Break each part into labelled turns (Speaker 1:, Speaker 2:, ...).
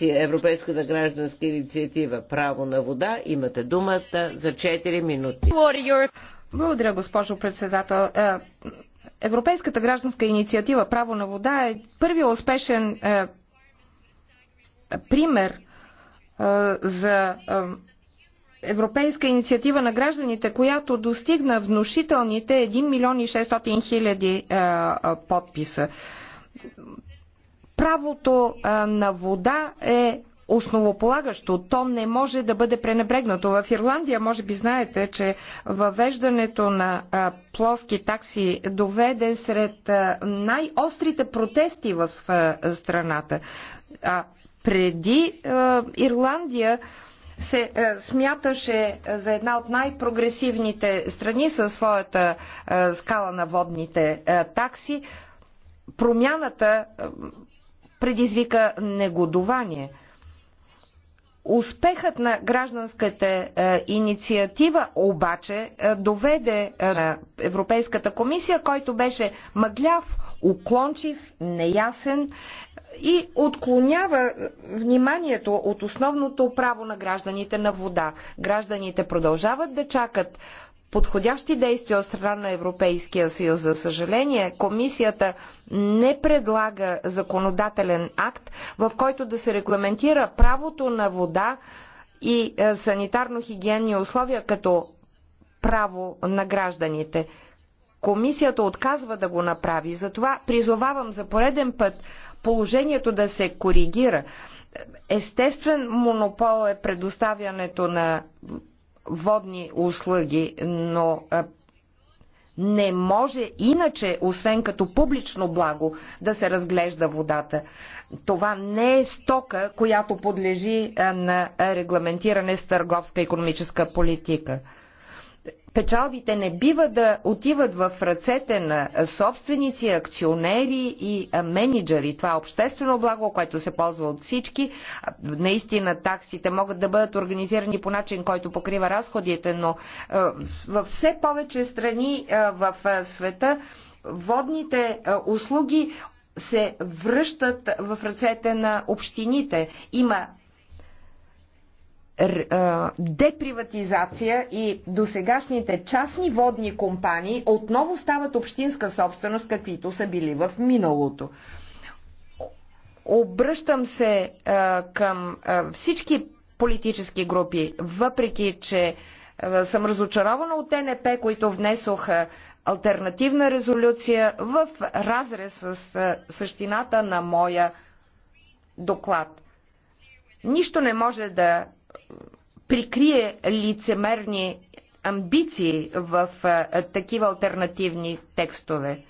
Speaker 1: Европейската гражданска инициатива Право на вода. Имате думата за 4 минути. Благодаря, госпожо председател. Е, Европейската
Speaker 2: гражданска инициатива Право на вода е първият успешен е, пример е, за европейска инициатива на гражданите, която достигна внушителните 1 милион и 600 хиляди подписа. Правото на вода е основополагащо. То не може да бъде пренебрегнато. В Ирландия, може би знаете, че въвеждането на плоски такси доведе сред най-острите протести в страната. А преди Ирландия се смяташе за една от най-прогресивните страни със своята скала на водните такси. Промяната предизвика негодование. Успехът на гражданската е, инициатива обаче е, доведе е, на Европейската комисия, който беше мъгляв, уклончив, неясен и отклонява вниманието от основното право на гражданите на вода. Гражданите продължават да чакат подходящи действия от страна на Европейския съюз. За съжаление, комисията не предлага законодателен акт, в който да се регламентира правото на вода и е, санитарно-хигиенни условия като право на гражданите. Комисията отказва да го направи, затова призовавам за пореден път положението да се коригира. Естествен монопол е предоставянето на водни услуги, но не може иначе, освен като публично благо, да се разглежда водата. Това не е стока, която подлежи на регламентиране с търговска и економическа политика печалбите не бива да отиват в ръцете на собственици, акционери и менеджери. Това е обществено благо, което се ползва от всички. Наистина таксите могат да бъдат организирани по начин, който покрива разходите, но във все повече страни в света водните услуги се връщат в ръцете на общините. Има деприватизация и досегашните частни водни компании отново стават общинска собственост, каквито са били в миналото. Обръщам се към всички политически групи, въпреки че съм разочарована от ТНП, които внесоха альтернативна резолюция в разрез с същината на моя доклад. Нищо не може да прикрие лицемерни амбиции в а, такива альтернативни текстове.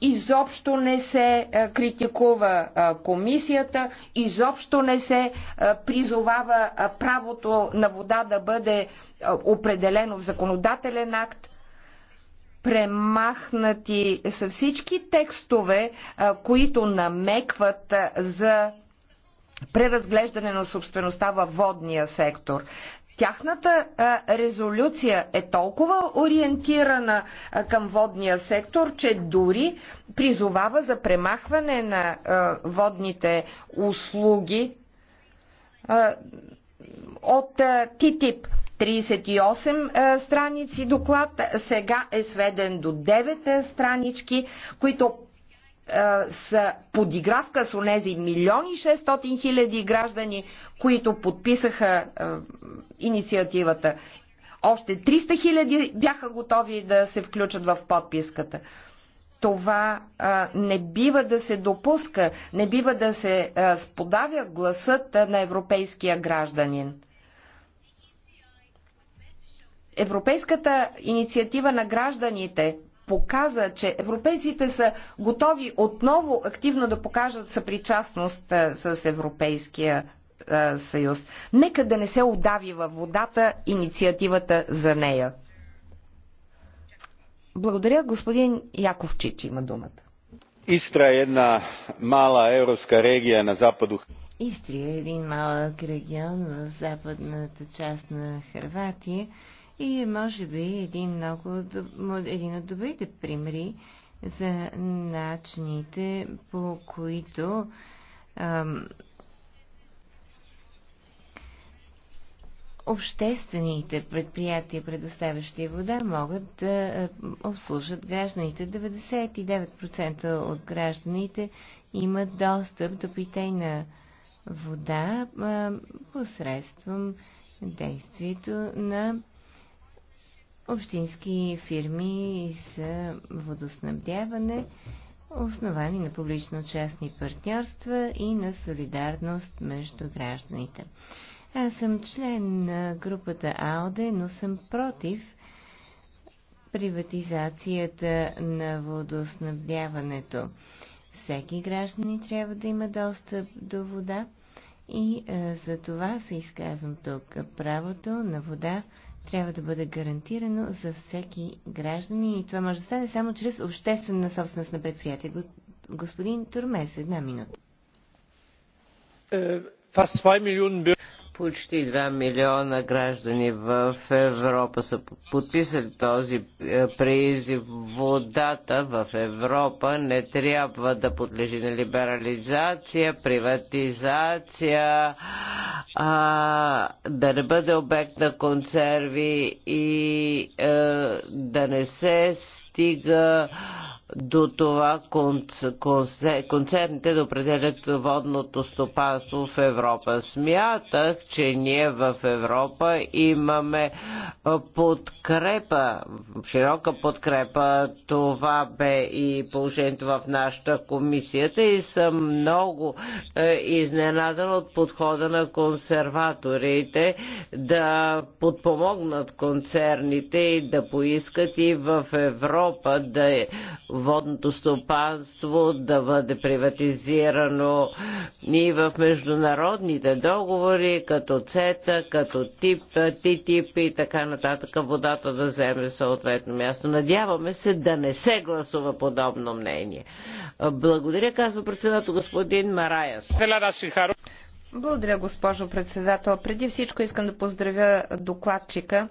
Speaker 2: Изобщо не се а, критикува а, комисията, изобщо не се а, призовава а, правото на вода да бъде а, определено в законодателен акт. Премахнати са всички текстове, а, които намекват а, за преразглеждане на собствеността във водния сектор. Тяхната резолюция е толкова ориентирана към водния сектор, че дори призовава за премахване на водните услуги от ТИТИП. 38 страници доклад сега е сведен до 9 странички, които е, са подигравка с онези милиони 600 хиляди граждани, които подписаха е, инициативата. Още 300 хиляди бяха готови да се включат в подписката. Това а, е, не бива да се допуска, не бива да се а, сподавя гласът на европейския гражданин. Европейската инициатива на гражданите показа, че европейците са готови отново активно да покажат съпричастност е, с Европейския е, съюз. Нека да не се удави във водата инициативата за нея. Благодаря, господин Яковчич има думата. Истра е една мала европска регия на западу.
Speaker 3: Истрия е един малък регион в западната част на Хрватия и е, може би, един, много, един от добрите примери за начините, по които ам, обществените предприятия, предоставящи вода, могат да обслужат гражданите. 99% от гражданите имат достъп до питейна вода посредством действието на общински фирми за водоснабдяване, основани на публично-частни партньорства и на солидарност между гражданите. Аз съм член на групата АЛДЕ, но съм против приватизацията на водоснабдяването. Всеки граждани трябва да има достъп до вода и за това се изказвам тук. Правото на вода трябва да бъде гарантирано за всеки гражданин и това може да стане само чрез обществена собственост на предприятие. Господин Турмес, една минута.
Speaker 1: Е, фас 2 милиона почти 2 милиона граждани в Европа са подписали този е, призив. Водата в Европа не трябва да подлежи на либерализация, приватизация, а, да не бъде обект на консерви и а, е, да не се стига до това концерните да определят водното стопанство в Европа. Смятах, че ние в Европа имаме подкрепа, широка подкрепа. Това бе и положението в нашата комисията и съм много е, изненадан от подхода на консерваторите да подпомогнат концерните и да поискат и в Европа да водното стопанство да бъде приватизирано и в международните договори, като ЦЕТА, като ТИП, ТИТИП и така нататък, водата да вземе съответно място. Надяваме се да не се гласува подобно мнение. Благодаря, казва председател господин Мараяс. Благодаря,
Speaker 2: госпожо председател. Преди всичко искам да поздравя докладчика.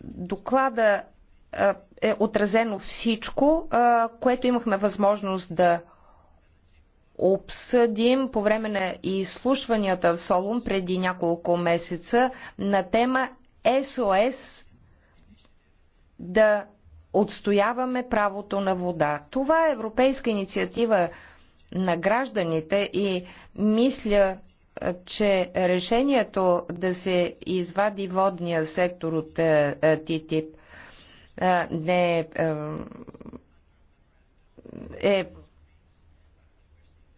Speaker 2: Доклада е отразено всичко, което имахме възможност да обсъдим по време на изслушванията в Солун преди няколко месеца на тема СОС да отстояваме правото на вода. Това е европейска инициатива на гражданите и мисля, че решението да се извади водния сектор от ТТИП не е, е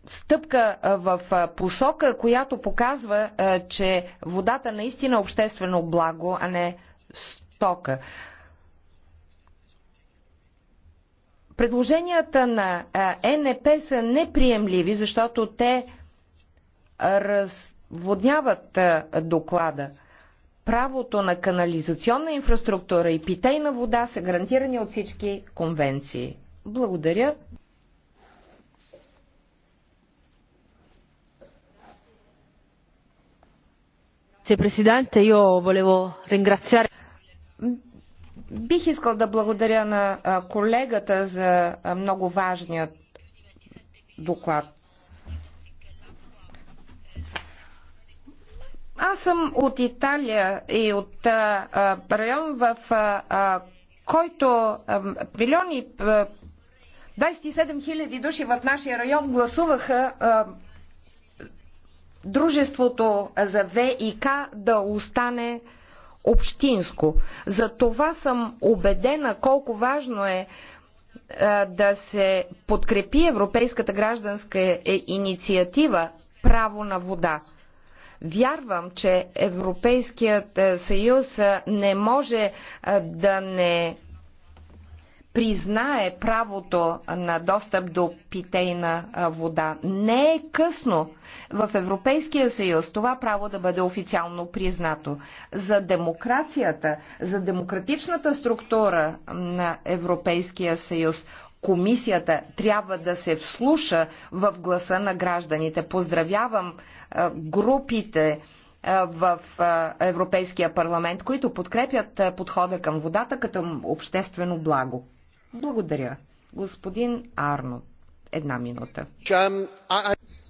Speaker 2: стъпка в посока, която показва, че водата наистина е обществено благо, а не стока. Предложенията на НП са неприемливи, защото те разводняват доклада правото на канализационна инфраструктура и питейна вода са гарантирани от всички конвенции. Благодаря. Президенте, ringraziare... Бих искал да благодаря на колегата за много важният доклад. Аз съм от Италия и от а, район, в а, който а, милиони. А, 27 хиляди души в нашия район гласуваха а, дружеството за ВИК да остане общинско. За това съм убедена колко важно е а, да се подкрепи Европейската гражданска е, инициатива право на вода. Вярвам, че Европейският е, съюз е, не може е, да не признае правото на достъп до питейна вода. Не е късно в Европейския съюз това право да бъде официално признато. За демокрацията, за демократичната структура на Европейския съюз комисията трябва да се вслуша в гласа на гражданите. Поздравявам е, групите е, в е, Европейския парламент, които подкрепят подхода към водата като обществено благо. Благодаря.
Speaker 3: Господин
Speaker 2: Арно, една минута.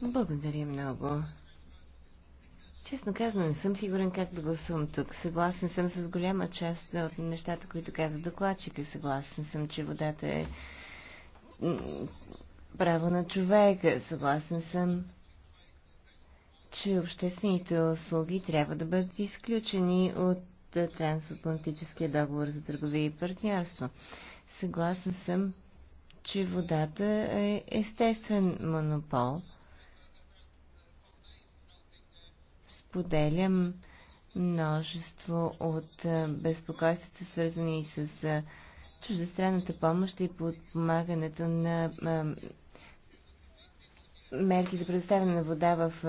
Speaker 2: Благодаря много.
Speaker 3: Честно казано, не съм сигурен как да гласувам тук. Съгласен съм с голяма част от нещата, които казва докладчика. Съгласен съм, че водата е право на човека. Съгласен съм, че обществените услуги трябва да бъдат изключени от трансатлантическия договор за търговия и партньорство. Съгласен съм, че водата е естествен монопол. Споделям множество от безпокойствата, свързани с чуждестранната помощ и подпомагането на мерки за предоставяне на вода в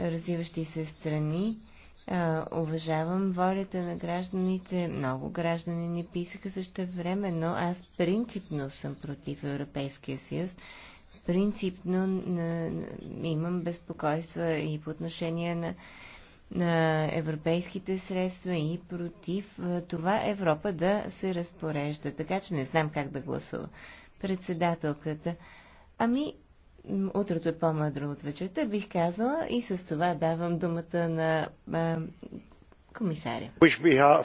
Speaker 3: развиващи се страни. Уважавам волята на гражданите. Много граждани ни писаха също време, но аз принципно съм против Европейския съюз. Принципно имам безпокойства и по отношение на на европейските средства и против е, това Европа да се разпорежда. Така че не знам как да гласува. Председателката. Ами, утрото е по-мъдро от вечерта, бих казала, и с това давам думата на е, Комисаря.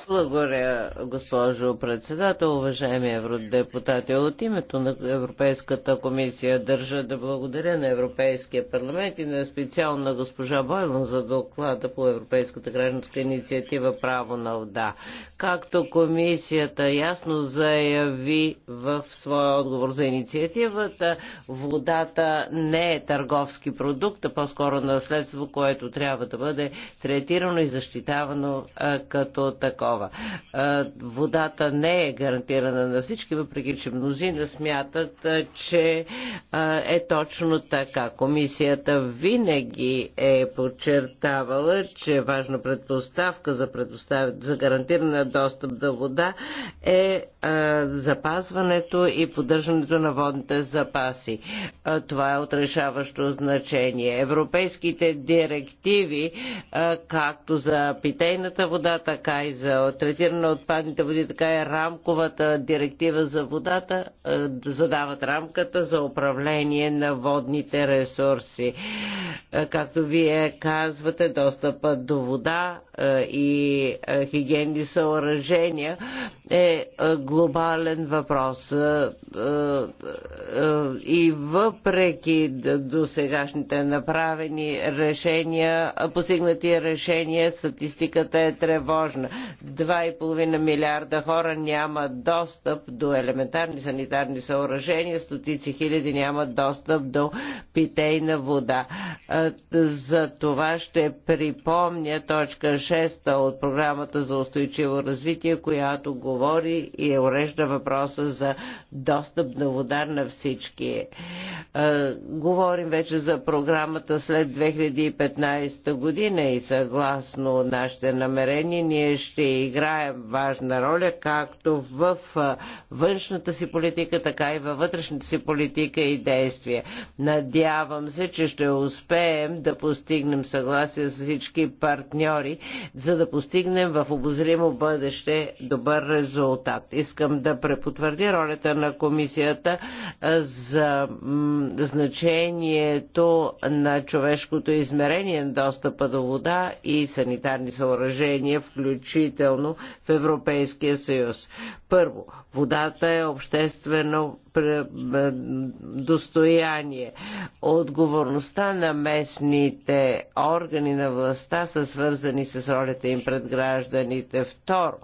Speaker 1: Благодаря, госпожо председател, уважаеми евродепутати. От името на Европейската комисия държа да благодаря на Европейския парламент и на специално на госпожа Бойлан за доклада по Европейската гражданска инициатива Право на ОДА. Както комисията ясно заяви в своя отговор за инициативата, водата не е търговски продукт, а по-скоро наследство, което трябва да бъде третирано и защитавано а, като такова. А, водата не е гарантирана на всички, въпреки че мнозина смятат, а, че а, е точно така. Комисията винаги е подчертавала, че важна предпоставка за, предостав... за гарантиране достъп до вода е а, запазването и поддържането на водните запаси. А, това е отрешаващо значение. Европейските директиви, а, както за питейна питейната вода, така и за третиране на отпадните води, така и рамковата директива за водата е, задават рамката за управление на водните ресурси. Е, както вие казвате, достъпът до вода е, и хигиенни съоръжения е глобален въпрос. И въпреки до сегашните направени решения, постигнати решения, статистиката Ситуацията е тревожна. 2,5 милиарда хора нямат достъп до елементарни санитарни съоръжения, стотици хиляди нямат достъп до питейна вода. За това ще припомня точка 6 от програмата за устойчиво развитие, която говори и урежда въпроса за достъп на вода на всички. Говорим вече за програмата след 2015 година и съгласно нашите намерение, ние ще играем важна роля както в външната си политика, така и във вътрешната си политика и действия. Надявам се, че ще успеем да постигнем съгласие с всички партньори, за да постигнем в обозримо бъдеще добър резултат. Искам да препотвърдя ролята на комисията за значението на човешкото измерение на достъпа до вода и санитарни съоръжения положение, включително в Европейския съюз. Първо, водата е обществено достояние. Отговорността на местните органи на властта са свързани с ролята им пред гражданите. Второ,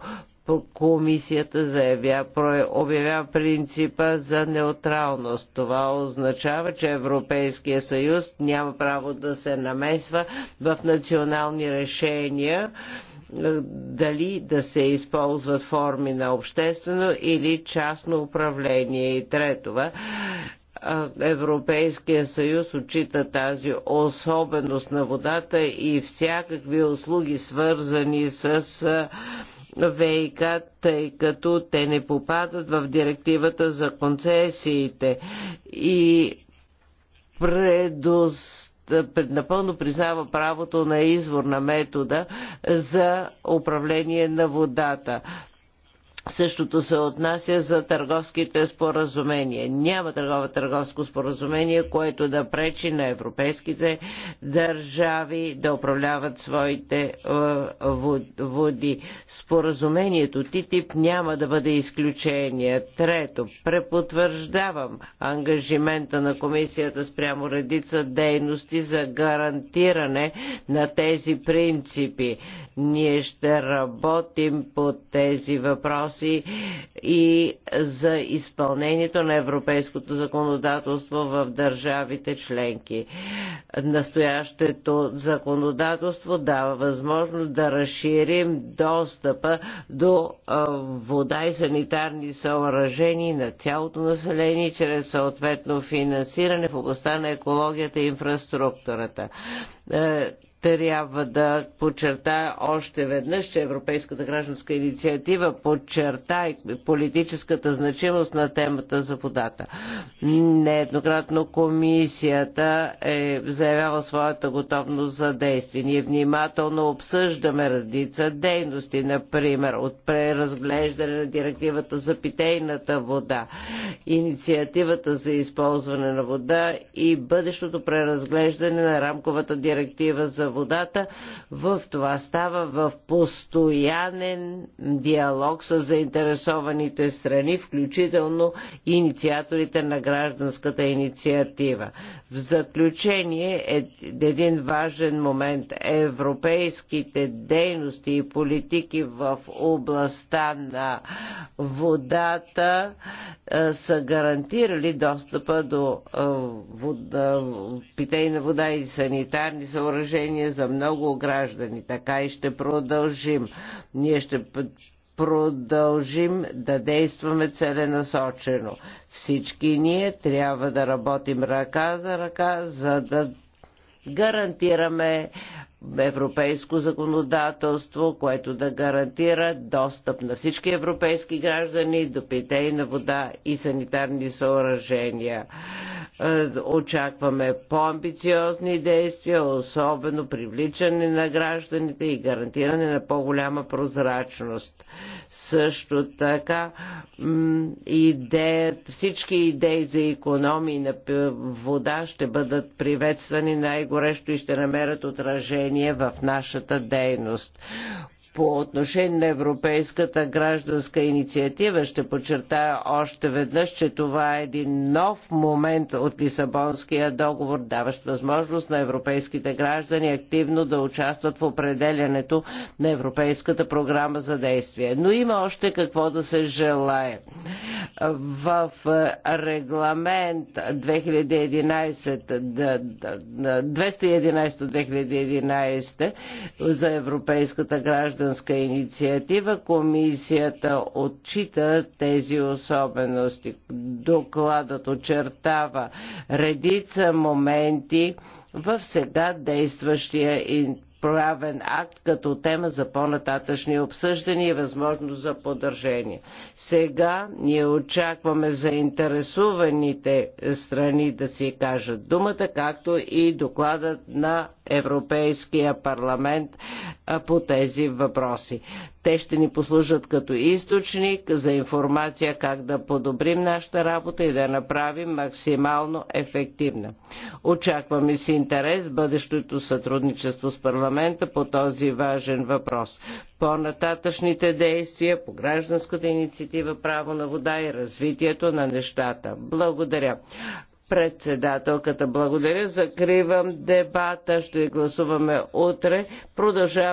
Speaker 1: комисията заявя, обявява принципа за неутралност. Това означава, че Европейския съюз няма право да се намесва в национални решения дали да се използват форми на обществено или частно управление. И третова, Европейския съюз отчита тази особеност на водата и всякакви услуги свързани с ВИК, тъй като те не попадат в директивата за концесиите и предоставят напълно признава правото на извор на метода за управление на водата. Същото се отнася за търговските споразумения. Няма такова търговско споразумение, което да пречи на европейските държави да управляват своите е, води. Споразумението ТИТИП няма да бъде изключение. Трето, препотвърждавам ангажимента на комисията спрямо редица дейности за гарантиране на тези принципи. Ние ще работим по тези въпроси въпроси и за изпълнението на европейското законодателство в държавите членки. Настоящето законодателство дава възможност да разширим достъпа до вода и санитарни съоръжения на цялото население чрез съответно финансиране в областта на екологията и инфраструктурата е, трябва да подчертая още веднъж, че Европейската гражданска инициатива подчерта политическата значимост на темата за водата. Нееднократно комисията е заявява своята готовност за действие. Ние внимателно обсъждаме разлица дейности, например от преразглеждане на директивата за питейната вода, инициативата за използване на вода и бъдещото преразглеждане на рамковата директива за водата. В това става в постоянен диалог с заинтересованите страни, включително инициаторите на гражданската инициатива. В заключение е един важен момент. Европейските дейности и политики в областта на водата е, са гарантирали достъпа до е, вода, питейна вода и санитарни съоръжения значение за много граждани. Така и ще продължим. Ние ще продължим да действаме целенасочено. Всички ние трябва да работим ръка за ръка, за да гарантираме европейско законодателство, което да гарантира достъп на всички европейски граждани до питейна вода и санитарни съоръжения. Е, очакваме по-амбициозни действия, особено привличане на гражданите и гарантиране на по-голяма прозрачност. Също така идеят, всички идеи за економии на вода ще бъдат приветствани най-горещо и ще намерят отражение в нашата дейност. По отношение на Европейската гражданска инициатива ще подчертая още веднъж, че това е един нов момент от Лисабонския договор, даващ възможност на европейските граждани активно да участват в определянето на Европейската програма за действие. Но има още какво да се желае в е, регламент 211-2011 за Европейската гражданска инициатива комисията отчита тези особености. Докладът очертава редица моменти в сега действащия правен акт като тема за по-нататъчни обсъждания и възможност за поддържение. Сега ние очакваме заинтересуваните страни да си кажат думата, както и докладът на Европейския парламент по тези въпроси. Те ще ни послужат като източник за информация как да подобрим нашата работа и да направим максимално ефективна. Очакваме с интерес бъдещото сътрудничество с парламент парламента по този важен въпрос. По-нататъчните действия по гражданската инициатива право на вода и развитието на нещата. Благодаря председателката. Благодаря. Закривам дебата. Ще гласуваме утре. Продължаваме.